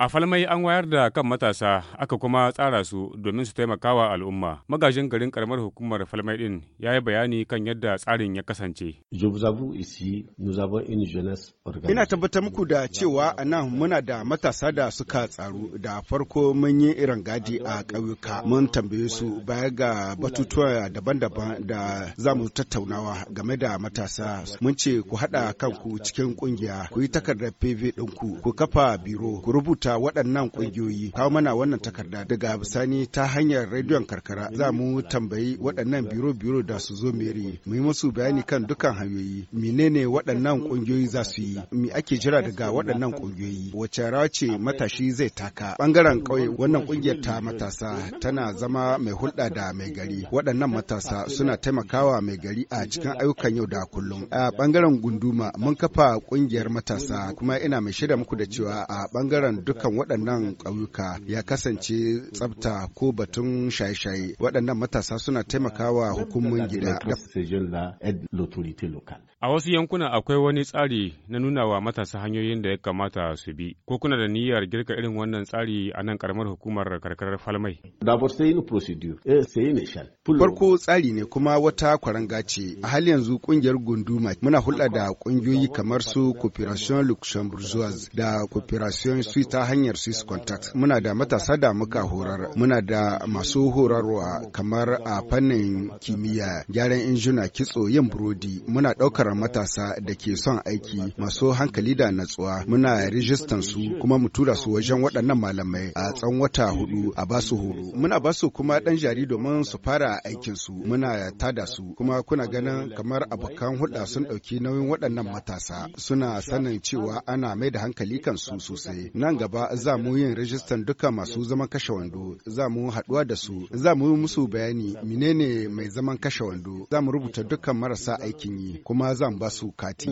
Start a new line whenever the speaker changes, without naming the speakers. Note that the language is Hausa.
A falmai an wayar da kan matasa aka kuma tsara su domin su taimaka wa al'umma. Magajin garin karamar hukumar falmai din ya yi bayani kan yadda tsarin ya kasance. Ina
tabbatar muku da cewa a muna da matasa da suka tsaru da farko mun yi irin gadi a ƙauyuka mun tambaye su baya ga batutuwa daban-daban da za mu tattaunawa game da matasa. Mun ce ku haɗa kanku cikin ƙungiya, ku yi takardar PV ɗinku, ku kafa biro, ku rubuta rubuta waɗannan ƙungiyoyi kawo mana wannan takarda daga bisani ta hanyar rediyon karkara za mu tambayi waɗannan biro-biro da su zo meri mu yi musu bayani kan dukkan hanyoyi menene waɗannan ƙungiyoyi za su yi mi ake jira daga waɗannan ƙungiyoyi wace rawa ce matashi zai taka ɓangaren ƙauye wannan ƙungiyar ta matasa tana zama mai hulɗa da mai gari waɗannan matasa suna taimakawa mai gari a cikin ayyukan yau da kullum a ɓangaren gunduma mun kafa ƙungiyar matasa kuma ina mai shirya muku da cewa a ɓangaren duk dukkan waɗannan ƙauyuka ya kasance tsafta ko batun shaye-shaye waɗannan matasa suna taimakawa hukumomin gida.
A wasu yankuna akwai wani tsari na nuna wa matasa hanyoyin da ya kamata su bi. Ko kuna da niyyar girka irin wannan tsari a nan karamar hukumar karkarar Falmai?
Farko tsari ne kuma wata kwaranga ce. A hali yanzu kungiyar gunduma muna hulɗa da kungiyoyi kamar su Cooperation Luxembourgeoise da Cooperation suita hanyar Swiss Contact. Muna da matasa da muka horar, muna da masu horarwa kamar a fannin kimiyya, gyaran injuna kitso yin burodi, muna ɗaukar matasa da ke son aiki masu hankali da natsuwa, muna rijistan su kuma mu tura su wajen waɗannan malamai a tsan wata hudu a basu horo. Muna basu kuma ɗan jari domin su fara aikin su, muna tada su kuma kuna ganin kamar abokan hulɗa sun ɗauki nauyin waɗannan matasa suna sanin cewa ana mai da hankali kan su sosai. Nan gaba gaba za mu yin rajistan duka masu zaman kashe wando, za mu haɗuwa da su, za mu yi musu bayani menene mai zaman kashe wando, za mu rubuta dukkan marasa aikin yi, kuma za mu ba su kati.